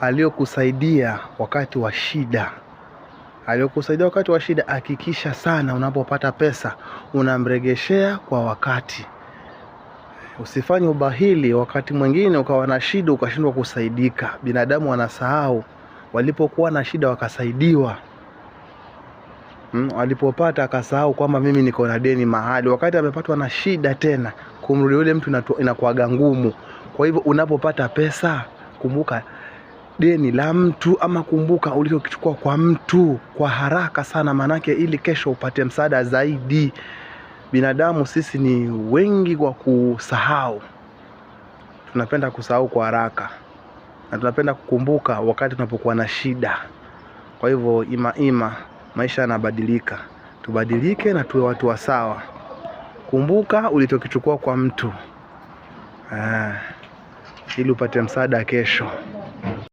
aliyokusaidia wakati wa shida aliyokusaidia wakati wa shida, hakikisha sana unapopata pesa unamregeshea kwa wakati. Usifanye ubahili, wakati mwingine ukawa na shida ukashindwa kusaidika. Binadamu wanasahau walipokuwa na shida wakasaidiwa, hmm, walipopata akasahau kwamba mimi niko na deni mahali, wakati amepatwa na shida tena kumrudi yule mtu inakuwaga ngumu. Kwa hivyo unapopata pesa kumbuka deni la mtu ama kumbuka ulichokichukua kwa mtu kwa haraka sana, maanake ili kesho upate msaada zaidi. Binadamu sisi ni wengi kwa kusahau, tunapenda kusahau kwa haraka na tunapenda kukumbuka wakati tunapokuwa na shida. Kwa hivyo ima ima, maisha yanabadilika, tubadilike na tuwe watu wa sawa. Kumbuka ulichokichukua kwa mtu, ah, ili upate msaada kesho.